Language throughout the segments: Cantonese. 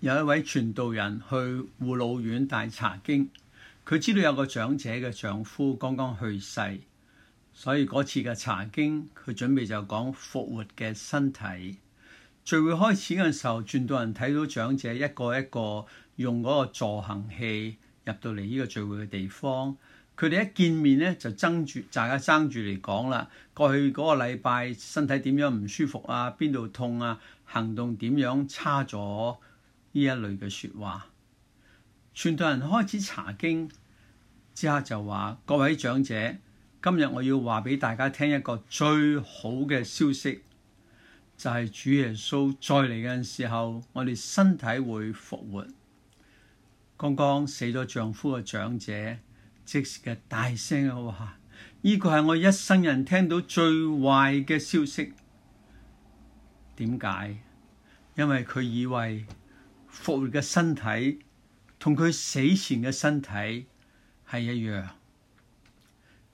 有一位傳道人去護老院帶查經，佢知道有個長者嘅丈夫剛剛去世，所以嗰次嘅查經佢準備就講復活嘅身體。聚會開始嗰陣時候，傳道人睇到長者一個一個用嗰個助行器入到嚟呢個聚會嘅地方，佢哋一見面咧就爭住，大家爭住嚟講啦。過去嗰個禮拜身體點樣唔舒服啊？邊度痛啊？行動點樣差咗？呢一類嘅説話，傳道人開始查經之後就話：各位長者，今日我要話俾大家聽一個最好嘅消息，就係主耶穌再嚟嘅時候，我哋身體會復活。剛剛死咗丈夫嘅長者，即時嘅大聲嘅話：呢個係我一生人聽到最壞嘅消息。點解？因為佢以為。復活嘅身體同佢死前嘅身體係一樣。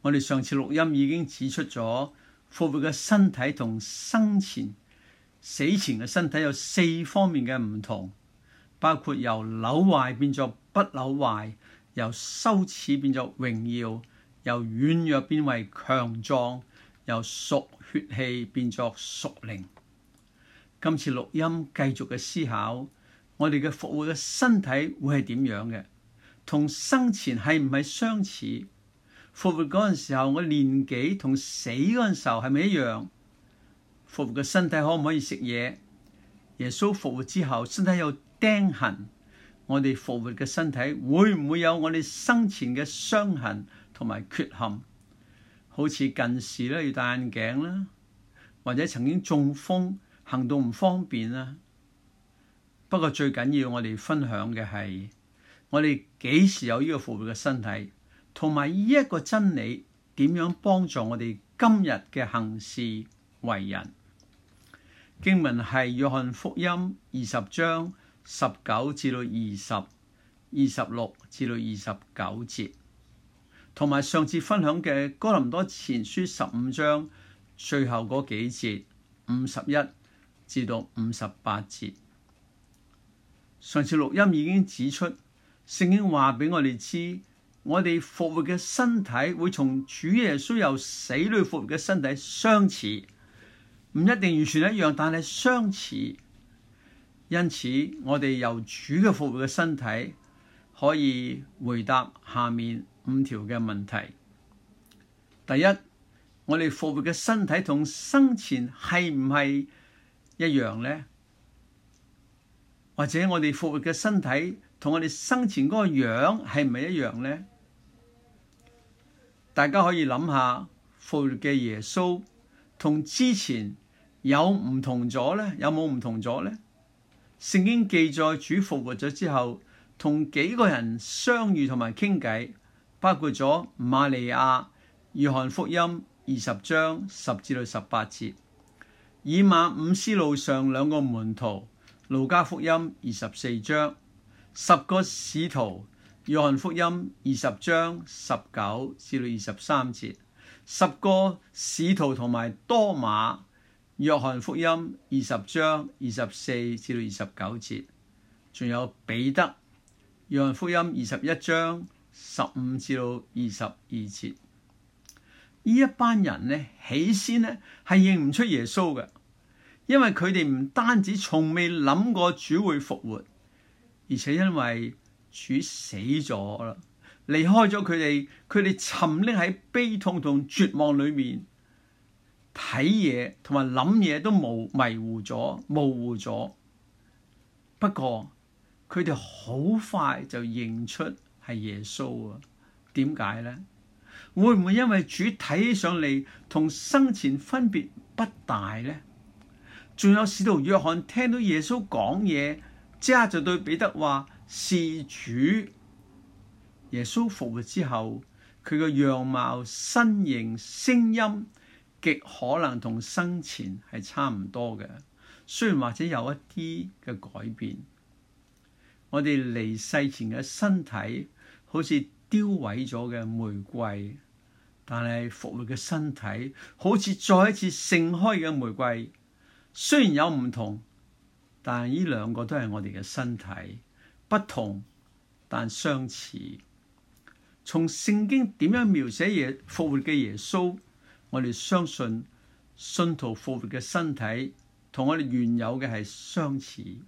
我哋上次錄音已經指出咗，復活嘅身體同生前、死前嘅身體有四方面嘅唔同，包括由朽壞變作不朽壞，由羞恥變作榮耀，由軟弱變為強壯，由屬血氣變作屬靈。今次錄音繼續嘅思考。我哋嘅復活嘅身體會係點樣嘅？同生前係唔係相似？復活嗰陣時候，我年紀同死嗰陣時候係咪一樣？復活嘅身體可唔可以食嘢？耶穌復活之後，身體有釘痕，我哋復活嘅身體會唔會有我哋生前嘅傷痕同埋缺陷？好似近視咧要戴眼鏡啦，或者曾經中風，行動唔方便啦。不過最緊要我，我哋分享嘅係我哋幾時有呢個復活嘅身體，同埋呢一個真理點樣幫助我哋今日嘅行事為人。經文係約翰福音二十章十九至到二十二十六至到二十九節，同埋上次分享嘅哥林多前書十五章最後嗰幾節五十一至到五十八節。上次錄音已經指出，聖經話俾我哋知，我哋復活嘅身體會從主耶穌由死裏復活嘅身體相似，唔一定完全一樣，但係相似。因此，我哋由主嘅復活嘅身體可以回答下面五條嘅問題。第一，我哋復活嘅身體同生前係唔係一樣呢？或者我哋復活嘅身體同我哋生前嗰個樣係唔係一樣呢？大家可以諗下復活嘅耶穌同之前有唔同咗呢？有冇唔同咗呢？聖經記載主復活咗之後，同幾個人相遇同埋傾偈，包括咗瑪利亞、約翰福音二十章十至到十八節，以馬忤斯路上兩個門徒。路加福音二十四章，十個使徒；約翰福音二十章十九至到二十三節，十個使徒同埋多馬；約翰福音二十章二十四至到二十九節，仲有彼得。約翰福音二十一章十五至到二十二節，呢一班人呢，起先呢，係認唔出耶穌嘅。因為佢哋唔單止從未諗過主會復活，而且因為主死咗啦，離開咗佢哋，佢哋沉溺喺悲痛同絕望裏面，睇嘢同埋諗嘢都模迷糊咗、模糊咗。不過佢哋好快就認出係耶穌啦，點解咧？會唔會因為主睇起上嚟同生前分別不大咧？仲有使徒約翰聽到耶穌講嘢，即刻就對彼得話事，主耶穌復活之後，佢個樣貌、身形、聲音極可能同生前係差唔多嘅。雖然或者有一啲嘅改變，我哋離世前嘅身體好似凋萎咗嘅玫瑰，但係復活嘅身體好似再一次盛開嘅玫瑰。雖然有唔同，但呢兩個都係我哋嘅身體，不同但相似。從聖經點樣描寫耶復活嘅耶穌，我哋相信信徒復活嘅身體同我哋原有嘅係相似。呢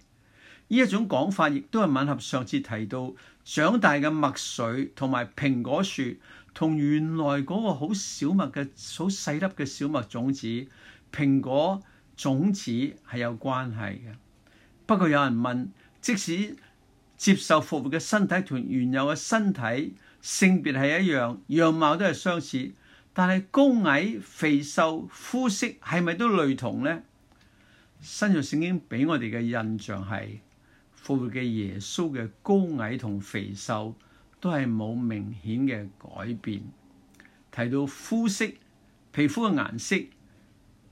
一種講法亦都係吻合上次提到長大嘅麥穗同埋蘋果樹，同原來嗰個好小麥嘅好細粒嘅小麥種子蘋果種子係有關係嘅，不過有人問，即使接受復活嘅身體同原有嘅身體性別係一樣，樣貌都係相似，但係高矮、肥瘦、膚色係咪都類同呢？新約聖經俾我哋嘅印象係，復活嘅耶穌嘅高矮同肥瘦都係冇明顯嘅改變，提到膚色、皮膚嘅顏色。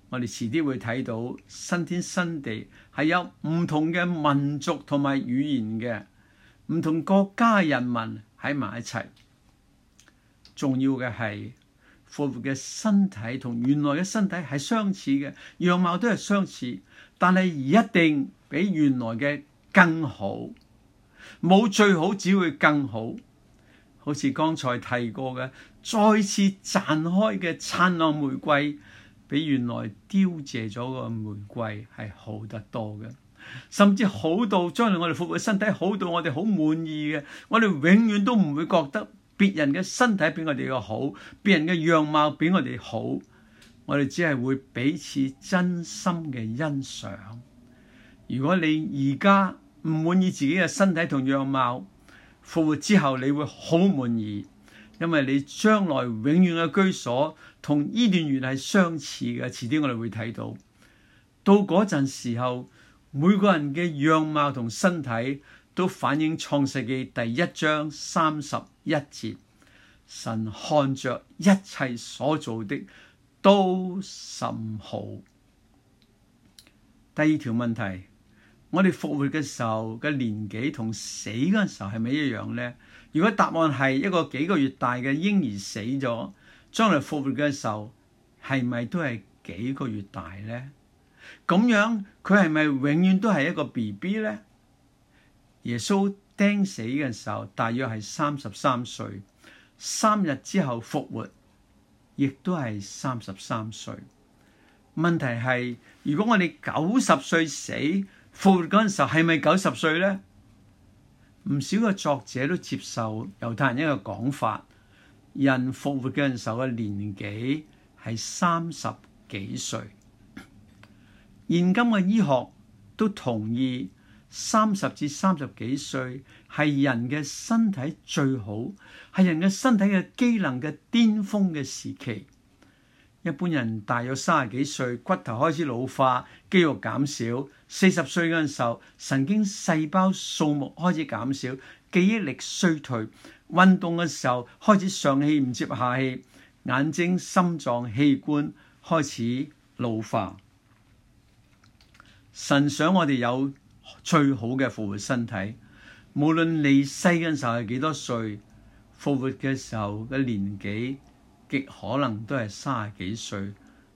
我哋遲啲會睇到新天新地係有唔同嘅民族同埋語言嘅唔同國家人民喺埋一齊。重要嘅係，復活嘅身體同原來嘅身體係相似嘅，樣貌都係相似，但係一定比原來嘅更好。冇最好，只會更好。好似剛才提過嘅，再次綻開嘅燦爛玫瑰。比原來凋謝咗個玫瑰係好得多嘅，甚至好到將來我哋復活身體好到我哋好滿意嘅，我哋永遠都唔會覺得別人嘅身體比我哋嘅好，別人嘅樣貌比我哋好，我哋只係會彼此真心嘅欣賞。如果你而家唔滿意自己嘅身體同樣貌，復活之後你會好滿意，因為你將來永遠嘅居所。同呢段原係相似嘅，遲啲我哋會睇到。到嗰陣時候，每個人嘅樣貌同身體都反映創世紀第一章三十一節：神看着一切所做的都甚好。第二條問題，我哋復活嘅時候嘅年紀同死嘅時候係咪一樣呢？如果答案係一個幾個月大嘅嬰兒死咗。將來復活嘅時候係咪都係幾個月大咧？咁樣，佢係咪永遠都係一個 BB 咧？耶穌釘死嘅時候大約係三十三歲，三日之後復活，亦都係三十三歲。問題係，如果我哋九十歲死，復活嗰陣時候，係咪九十歲咧？唔少嘅作者都接受猶太人一個講法。人復活嗰時候嘅年紀係三十幾歲，現今嘅醫學都同意三十至三十幾歲係人嘅身體最好，係人嘅身體嘅機能嘅巔峰嘅時期。一般人大約三十幾歲，骨頭開始老化，肌肉減少；四十歲嗰時候，神經細胞數目開始減少，記憶力衰退。運動嘅時候開始上氣唔接下氣，眼睛、心臟器官開始老化。神想我哋有最好嘅復活身體，無論你細嘅時候係幾多歲，復活嘅時候嘅年紀極可能都係三十幾歲，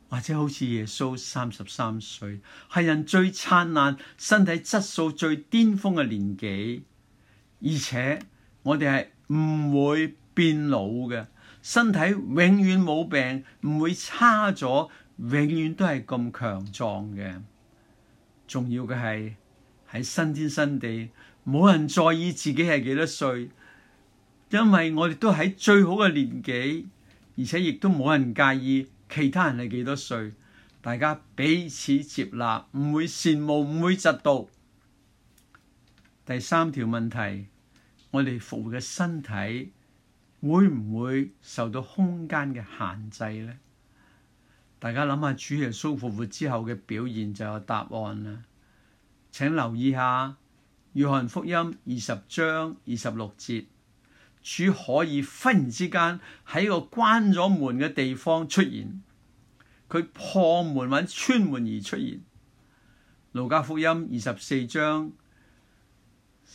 或者好似耶穌三十三歲，係人最燦爛、身體質素最巔峰嘅年紀，而且我哋係唔會變老嘅身體永遠冇病，唔會差咗，永遠都係咁強壯嘅。重要嘅係喺新天新地，冇人在意自己係幾多歲，因為我哋都喺最好嘅年紀，而且亦都冇人介意其他人係幾多歲，大家彼此接納，唔會羨慕，唔會嫉妒。第三條問題。我哋復活嘅身體會唔會受到空間嘅限制呢？大家諗下，主耶穌復活之後嘅表現就有答案啦。請留意下《約翰福音》二十章二十六節，主可以忽然之間喺一個關咗門嘅地方出現，佢破門搵，穿門而出現。《路加福音》二十四章。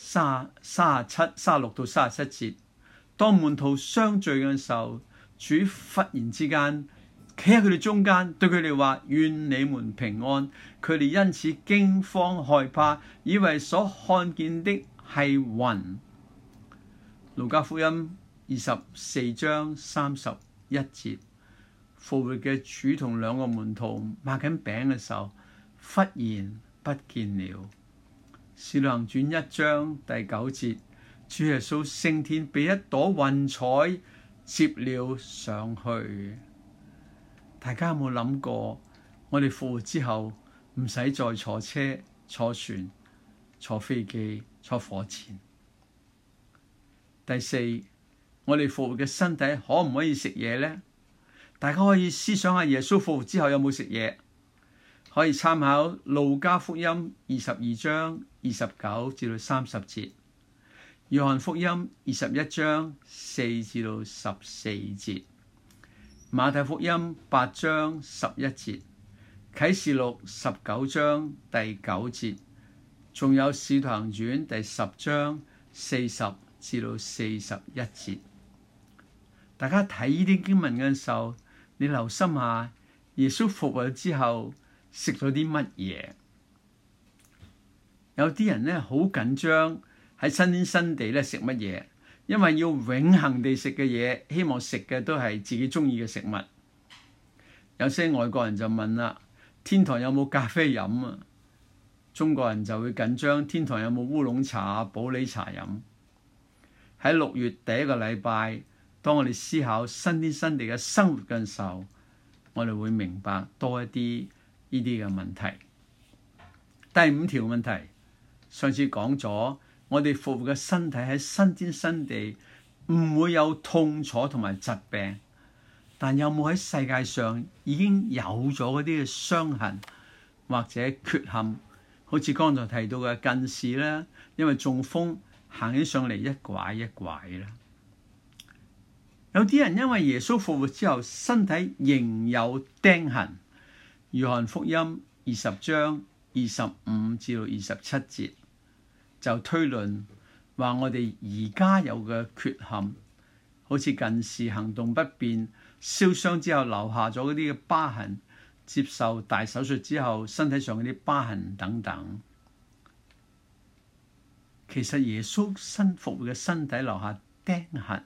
三三十七、三十六到三十七節，當門徒相聚嘅時候，主忽然之間企喺佢哋中間，對佢哋話：願你們平安。佢哋因此驚慌害怕，以為所看見的係魂。路加福音二十四章三十一節，復活嘅主同兩個門徒擘緊餅嘅時候，忽然不見了。《使徒行傳》一章第九節，主耶穌升天，被一朵雲彩接了上去。大家有冇諗過，我哋復活之後唔使再坐車、坐船、坐飛機、坐火箭？第四，我哋復活嘅身體可唔可以食嘢咧？大家可以思想下，耶穌復活之後有冇食嘢？可以參考路加福音二十二章二十九至到三十節、約翰福音二十一章四至到十四節、馬太福音八章十一節、啟示錄十九章第九節，仲有使徒行傳第十章四十至到四十一節。大家睇呢啲經文嘅時候，你留心下耶穌復活之後。食咗啲乜嘢？有啲人呢好緊張喺新天新地咧食乜嘢？因為要永恆地食嘅嘢，希望食嘅都係自己中意嘅食物。有些外國人就問啦：天堂有冇咖啡飲啊？中國人就會緊張：天堂有冇烏龍茶、普洱茶飲？喺六月第一個禮拜，當我哋思考新天新地嘅生活嘅時候，我哋會明白多一啲。呢啲嘅問題，第五條問題，上次講咗，我哋復活嘅身體喺新天新地唔會有痛楚同埋疾病，但有冇喺世界上已經有咗嗰啲嘅傷痕或者缺陷？好似剛才提到嘅近視啦，因為中風行起上嚟一拐一拐啦，有啲人因為耶穌復活之後身體仍有釘痕，《約翰福音》二十章二十五至到二十七節就推論話，我哋而家有嘅缺陷，好似近視、行動不便、燒傷之後留下咗嗰啲嘅疤痕，接受大手術之後身體上嗰啲疤痕等等。其實耶穌復活嘅身體留下釘痕，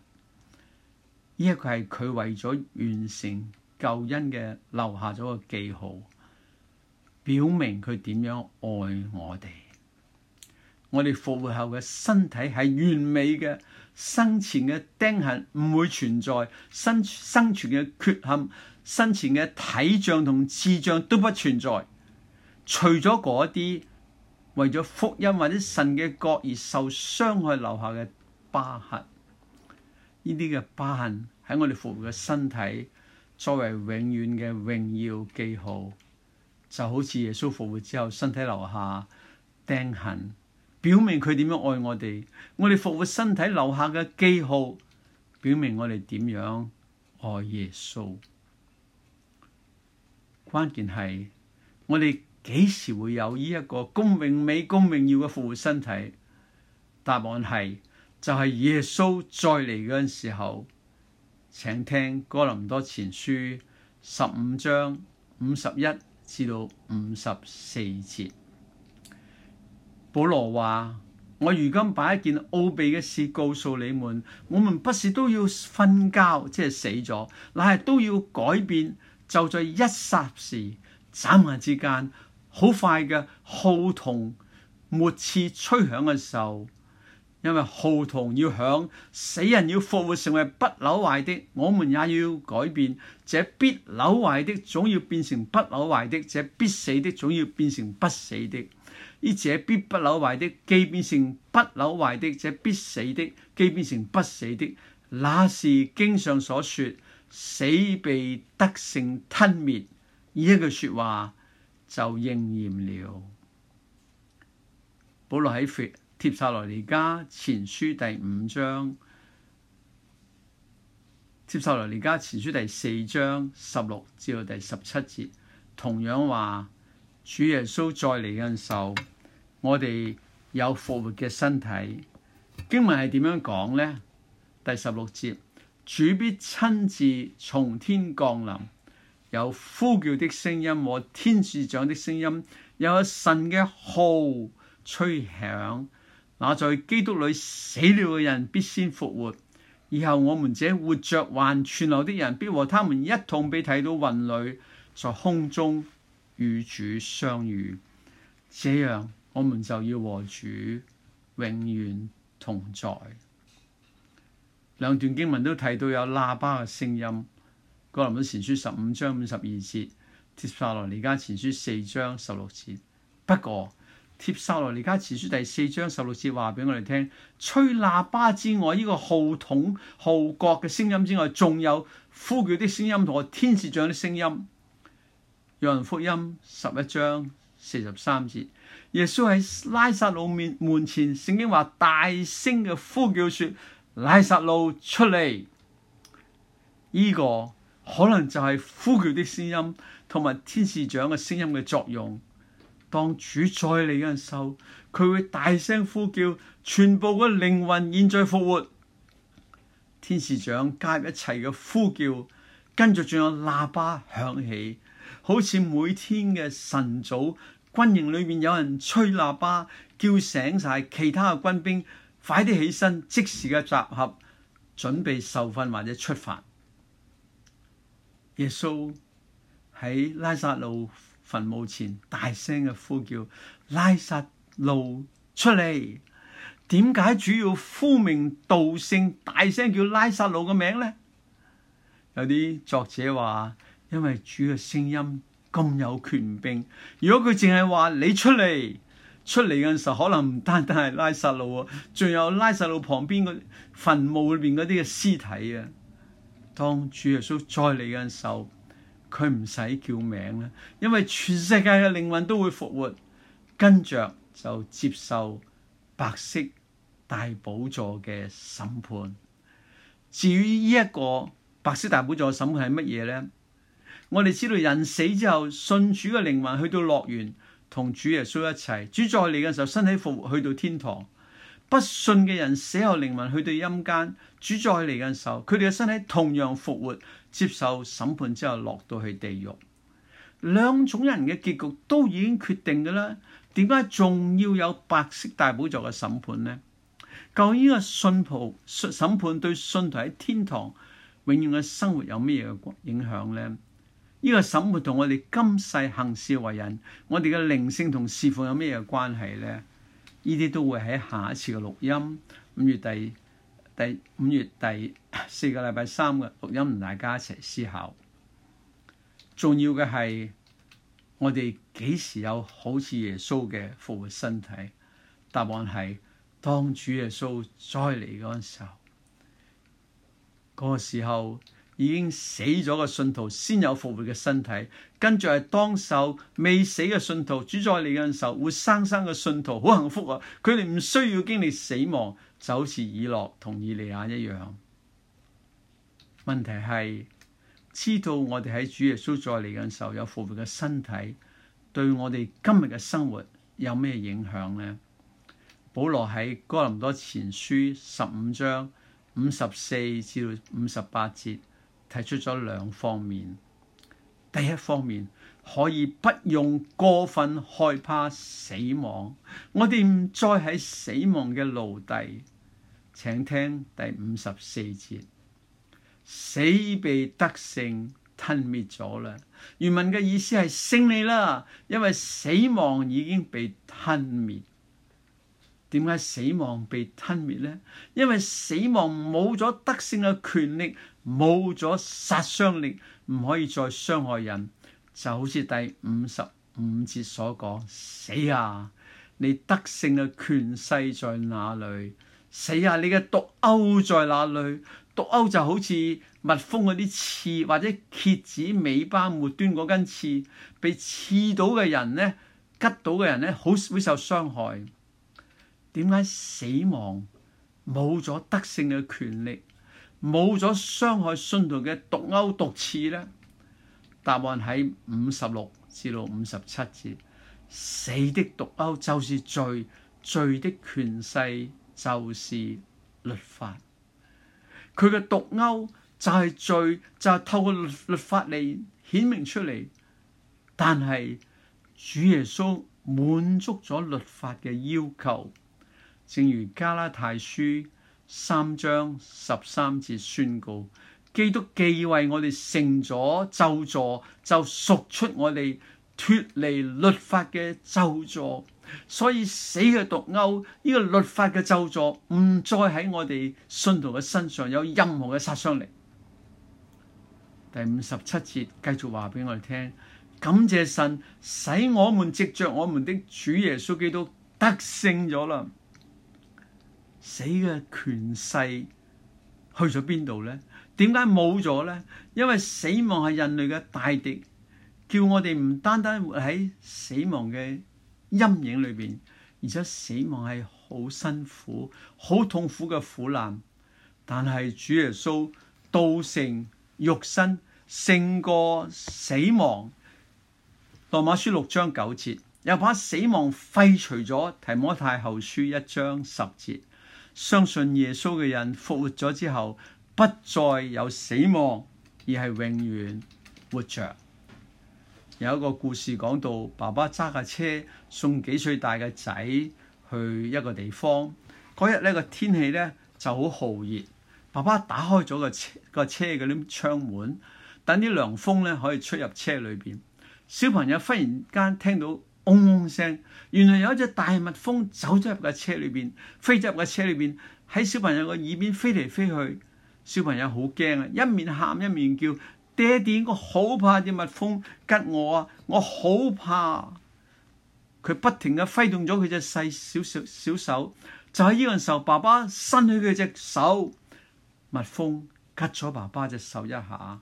呢一個係佢為咗完成。救恩嘅留下咗個記號，表明佢點樣愛我哋。我哋復活後嘅身體係完美嘅，生前嘅釘痕唔會存在，生生存嘅缺陷、生前嘅體障同智障都不存在，除咗嗰啲為咗福音或者神嘅國而受傷害留下嘅疤痕，呢啲嘅疤痕喺我哋復活嘅身體，作為永遠嘅榮耀記號，就好似耶穌復活之後身體留下釘痕，表明佢點樣愛我哋。我哋復活身體留下嘅記號，表明我哋點樣愛耶穌。關鍵係我哋幾時會有呢一個公榮美公榮耀嘅復活身體？答案係就係、是、耶穌再嚟嗰陣時候。請聽哥林多前書十五章五十一至到五十四節。保羅話：我如今把一件奧秘嘅事告訴你們，我們不是都要瞓覺，即係死咗，乃係都要改變，就在一霎時、眨眼之間，好快嘅號筒末次吹響嘅時候。因為號筒要響，死人要復活成為不朽壞的，我們也要改變。這必朽壞的總要變成不朽壞的，這必死的總要變成不死的。而這必不朽壞的，既變成不朽壞的，這必死的，既變成不死的，那是經上所說死被得勝吞滅，呢一句説話就應驗了。保羅喺帖撒羅尼加前書第五章，帖撒羅尼加前書第四章十六至到第十七節，同樣話主耶穌再嚟嘅時候，我哋有復活嘅身體。經文係點樣講呢？第十六節，主必親自從天降臨，有呼叫的聲音和天使長的聲音，有神嘅號吹響。那在基督裏死了嘅人必先復活，以後我們這活着還存留的人，必和他們一同被提到雲裏，在空中與主相遇。這樣，我們就要和主永遠同在。兩段經文都提到有喇叭嘅聲音，《哥林多前書》十五章五十二節，《帖撒羅尼迦前書》四章十六節。不過，帖撒羅尼加前書第四章十六節話俾我哋聽，吹喇叭之外，呢個號筒、號角嘅聲音之外，仲有呼叫嘅聲音同埋天使長嘅聲音。約翰福音十一章四十三節，耶穌喺拉撒路面門前，聖經話大聲嘅呼叫說，說拉撒路出嚟。呢個可能就係呼叫嘅聲音同埋天使長嘅聲音嘅作用。當主再嚟嘅時候，佢會大聲呼叫，全部嘅靈魂現在復活。天使長加入一齊嘅呼叫，跟住仲有喇叭響起，好似每天嘅晨早軍營裏面有人吹喇叭叫醒晒其他嘅軍兵，快啲起身，即時嘅集合，準備受訓或者出發。耶穌喺拉撒路。墳墓前大聲嘅呼叫，拉撒路出嚟。點解主要呼名道姓大聲叫拉撒路嘅名呢？有啲作者話，因為主嘅聲音咁有權柄。如果佢淨係話你出嚟，出嚟嘅時候可能唔單單係拉撒路啊，仲有拉撒路旁邊嘅墳墓裏邊嗰啲嘅屍體啊。當主耶穌再嚟嘅時候，佢唔使叫名啦，因為全世界嘅靈魂都會復活，跟着就接受白色大寶座嘅審判。至於呢一個白色大寶座嘅審判係乜嘢咧？我哋知道人死之後，信主嘅靈魂去到樂園同主耶穌一齊，主再嚟嘅時候，身體復活去到天堂。不信嘅人死後靈魂去到陰間，主再嚟嘅時候，佢哋嘅身體同樣復活，接受審判之後落到去地獄。兩種人嘅結局都已經決定嘅啦，點解仲要有白色大寶座嘅審判呢？究竟呢個信徒審判對信徒喺天堂永遠嘅生活有咩嘢影響呢？呢個審判同我哋今世行事為人，我哋嘅靈性同侍奉有咩嘢關係呢？呢啲都會喺下一次嘅錄音，五月第第五月第四個禮拜三嘅錄音同大家一齊思考。重要嘅係，我哋幾時有好似耶穌嘅復活身體？答案係當主耶穌再嚟嗰陣時候，嗰、嗰個時候。已經死咗嘅信徒先有復活嘅身體，跟住係當受未死嘅信徒主再嚟嘅時候，活生生嘅信徒好幸福啊！佢哋唔需要經歷死亡，就好似以諾同以利亞一樣。問題係知道我哋喺主耶穌再嚟嘅時候有復活嘅身體，對我哋今日嘅生活有咩影響呢？保羅喺哥林多前書十五章五十四至五十八節。提出咗兩方面，第一方面可以不用過分害怕死亡，我哋唔再喺死亡嘅奴隸。請聽第五十四節，死被得勝吞滅咗啦。原文嘅意思係勝利啦，因為死亡已經被吞滅。點解死亡被吞滅咧？因為死亡冇咗得勝嘅權力，冇咗殺傷力，唔可以再傷害人。就好似第五十五節所講：死啊！你得勝嘅權勢在哪裏？死啊！你嘅毒鈎在哪裏？毒鈎就好似蜜蜂嗰啲刺，或者蝎子尾巴末端嗰根刺，被刺到嘅人咧，吉到嘅人咧，好會受傷害。點解死亡冇咗得勝嘅權力，冇咗傷害信徒嘅毒勾毒刺呢？答案喺五十六至到五十七節：死的毒勾就是罪，罪的權勢就是律法。佢嘅毒勾就係罪，就係、是、透過律法嚟顯明出嚟。但係主耶穌滿足咗律法嘅要求。正如加拉太書三章十三節宣告，基督既為我哋成咗咒詛，就贖出我哋脱離律法嘅咒詛。所以死嘅毒鈎，呢個律法嘅咒詛，唔再喺我哋信徒嘅身上有任何嘅殺傷力。第五十七節繼續話俾我哋聽，感謝神使我們藉着我們的主耶穌基督得勝咗啦。死嘅權勢去咗邊度呢？點解冇咗呢？因為死亡係人類嘅大敵，叫我哋唔單單活喺死亡嘅陰影裏邊，而且死亡係好辛苦、好痛苦嘅苦難。但係主耶穌道成肉身，勝過死亡。羅馬書六章九節又把死亡廢除咗。提摩太後書一章十節。相信耶穌嘅人復活咗之後，不再有死亡，而係永遠活著。有一個故事講到，爸爸揸架車送幾歲大嘅仔去一個地方。嗰日呢個天氣呢就好酷熱，爸爸打開咗個車個車嘅啲窗門，等啲涼風呢可以出入車裏邊。小朋友忽然間聽到，嗡嗡聲，原來有一隻大蜜蜂走咗入個車裏邊，飛咗入個車裏邊，喺小朋友個耳邊飛嚟飛去。小朋友好驚啊，一面喊一面叫：爹哋，我好怕隻蜜蜂吉我啊！我好怕。佢不停嘅揮動咗佢隻細小小小手。就喺呢個時候，爸爸伸起佢隻手，蜜蜂吉咗爸爸隻手一下。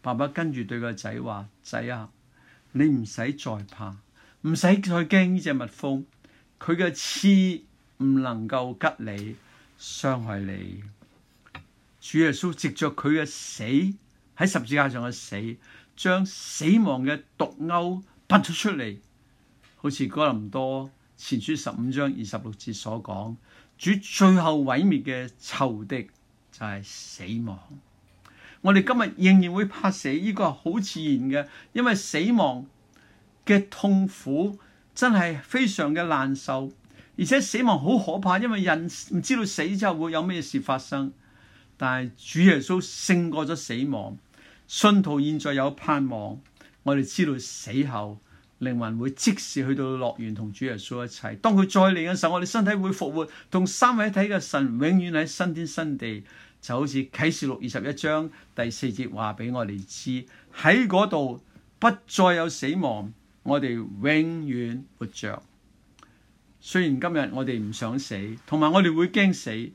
爸爸跟住對個仔話：仔啊，你唔使再怕。唔使再驚呢隻蜜蜂，佢嘅刺唔能夠吉你，傷害你。主耶穌藉着佢嘅死，喺十字架上嘅死，將死亡嘅毒鈎拔咗出嚟，好似哥林多前書十五章二十六節所講，主最後毀滅嘅仇敵就係死亡。我哋今日仍然會怕死，呢個係好自然嘅，因為死亡。嘅痛苦真係非常嘅難受，而且死亡好可怕，因為人唔知道死之後會有咩事發生。但係主耶穌勝過咗死亡，信徒現在有盼望。我哋知道死後靈魂會即時去到樂園同主耶穌一齊，當佢再嚟嘅時候，我哋身體會復活，同三位一體嘅神永遠喺新天新地。就好似啟示錄二十一章第四節話俾我哋知，喺嗰度不再有死亡。我哋永遠活着，雖然今日我哋唔想死，同埋我哋會驚死，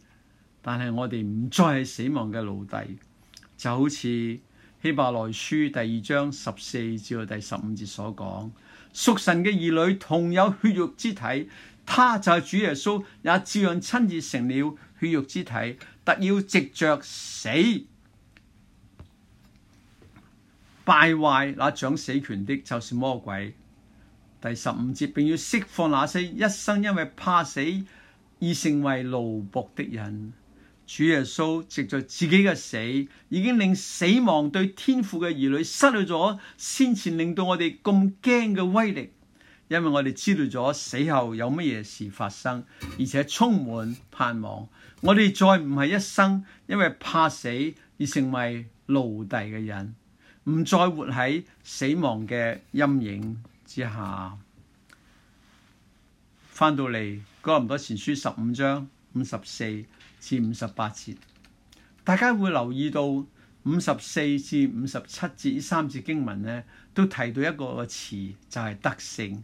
但係我哋唔再係死亡嘅奴隸。就好似希伯來書第二章十四至到第十五節所講，屬神嘅兒女同有血肉之體，他就係主耶穌，也照樣親自成了血肉之體，特要藉着死敗壞那掌死權的，就是魔鬼。第十五節，並要釋放那些一生因為怕死而成為奴僕的人。主耶穌藉著自己嘅死，已經令死亡對天父嘅兒女失去咗先前令到我哋咁驚嘅威力。因為我哋知道咗死後有乜嘢事發生，而且充滿盼望。我哋再唔係一生因為怕死而成為奴隸嘅人，唔再活喺死亡嘅陰影。之下翻到嚟，哥林多前書十五章五十四至五十八節，大家會留意到五十四至五十七節呢三節經文呢都提到一個詞，就係得勝。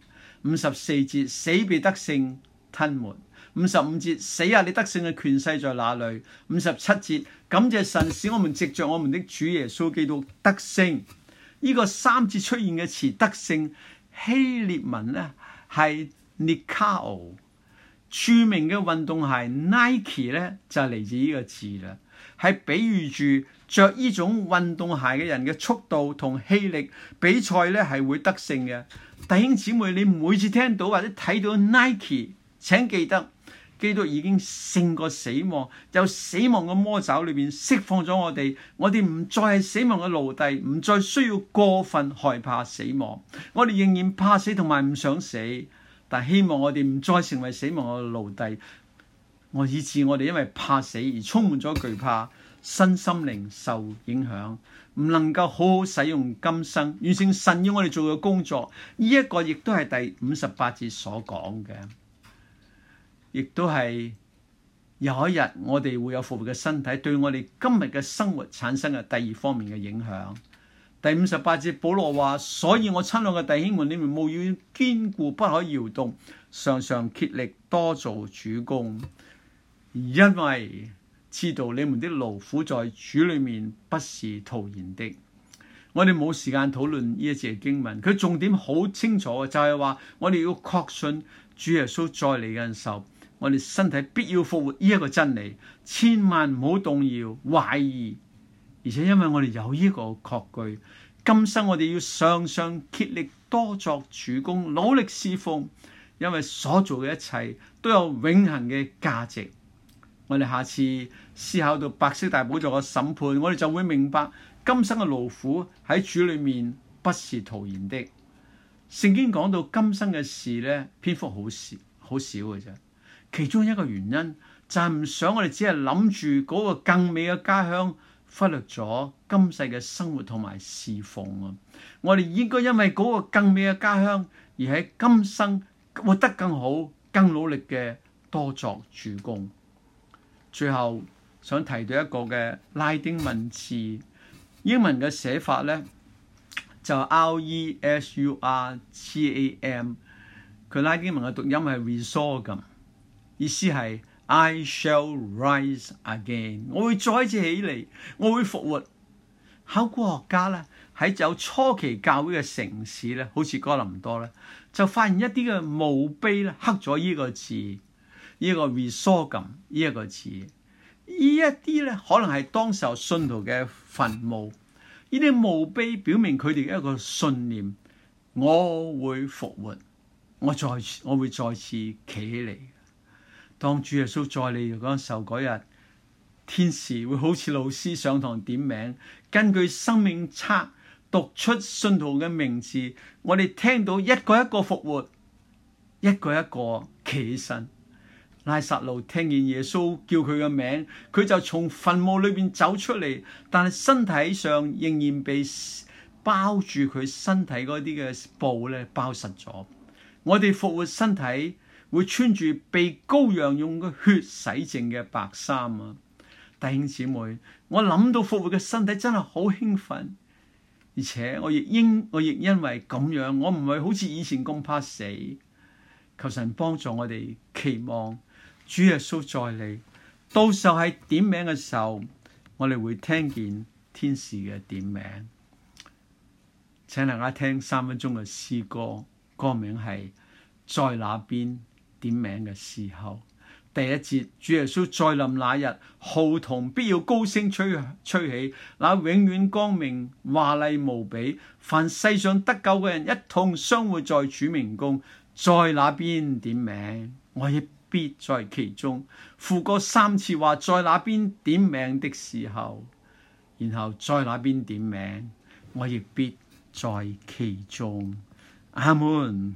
五十四節死被得勝吞沒，五十五節死啊！你得勝嘅權勢在哪裏？五十七節感謝神，使我們藉著我們的主耶穌基督得勝。呢個三節出現嘅詞，得勝。希列文咧係 Nikao 著名嘅運動鞋 Nike 咧就嚟自呢個字啦，係比喻住着呢種運動鞋嘅人嘅速度同氣力，比賽咧係會得勝嘅。弟兄姊妹，你每次聽到或者睇到 Nike，請記得。基督已經勝過死亡，由死亡嘅魔爪裏邊釋放咗我哋，我哋唔再係死亡嘅奴隸，唔再需要過分害怕死亡。我哋仍然怕死同埋唔想死，但希望我哋唔再成為死亡嘅奴隸。以我以至我哋因為怕死而充滿咗懼怕，身心靈受影響，唔能夠好好使用今生完成神要我哋做嘅工作。呢、這、一個亦都係第五十八節所講嘅。亦都係有一日，我哋會有復活嘅身體，對我哋今日嘅生活產生嘅第二方面嘅影響。第五十八節，保羅話：所以我親愛嘅弟兄們，你們務要堅固，不可搖動，常常竭力多做主工，因為知道你們的勞苦在主裏面不是徒然的。我哋冇時間討論呢一節經文，佢重點好清楚嘅，就係、是、話我哋要確信主耶穌再嚟嘅時候。我哋身體必要復活，呢一個真理，千萬唔好動搖懷疑。而且因為我哋有呢個確據，今生我哋要常常竭力多作主工，努力侍奉，因為所做嘅一切都有永恆嘅價值。我哋下次思考到白色大寶座嘅審判，我哋就會明白今生嘅勞苦喺主裏面不是徒然的。聖經講到今生嘅事呢，篇幅好少，好少嘅啫。其中一個原因就係、是、唔想我哋只係諗住嗰個更美嘅家鄉，忽略咗今世嘅生活同埋侍奉啊！我哋應該因為嗰個更美嘅家鄉而喺今生活得更好、更努力嘅多作主攻。最後想提到一個嘅拉丁文字，英文嘅寫法咧就是、r e s u r g a m，佢拉丁文嘅讀音係 resort 咁。意思係，I shall rise again。我會再一次起嚟，我會復活。考古學家咧喺有初期教會嘅城市咧，好似哥林多咧，就發現一啲嘅墓碑咧刻咗呢個字，呢、呢個 resurgam 呢一個字。一呢一啲咧可能係當時候信徒嘅墳墓。呢啲墓碑表明佢哋一個信念：我會復活，我再次我會再次企起嚟。當主耶穌再嚟嗰陣時候，嗰日天使會好似老師上堂點名，根據生命冊讀出信徒嘅名字。我哋聽到一個一個復活，一個一個企起身。拉撒路聽見耶穌叫佢嘅名，佢就從墳墓裏邊走出嚟，但係身體上仍然被包住佢身體嗰啲嘅布咧包實咗。我哋復活身體，會穿住被羔羊用嘅血洗淨嘅白衫啊！弟兄姊妹，我諗到復活嘅身體真係好興奮，而且我亦應，我亦因為咁樣，我唔係好似以前咁怕死。求神幫助我哋，期望主耶穌在你到時候喺點名嘅時候，我哋會聽見天使嘅點名。請大家聽三分鐘嘅詩歌，歌名係《在那邊》。點名嘅時候，第一節，主耶穌再臨那日，號筒必要高聲吹吹起，那永遠光明華麗無比，凡世上得救嘅人一同相會在主明工，在那邊點名，我亦必在其中。副歌三次話，在那邊點名的時候，然後在那邊點名，我亦必在其中。阿門。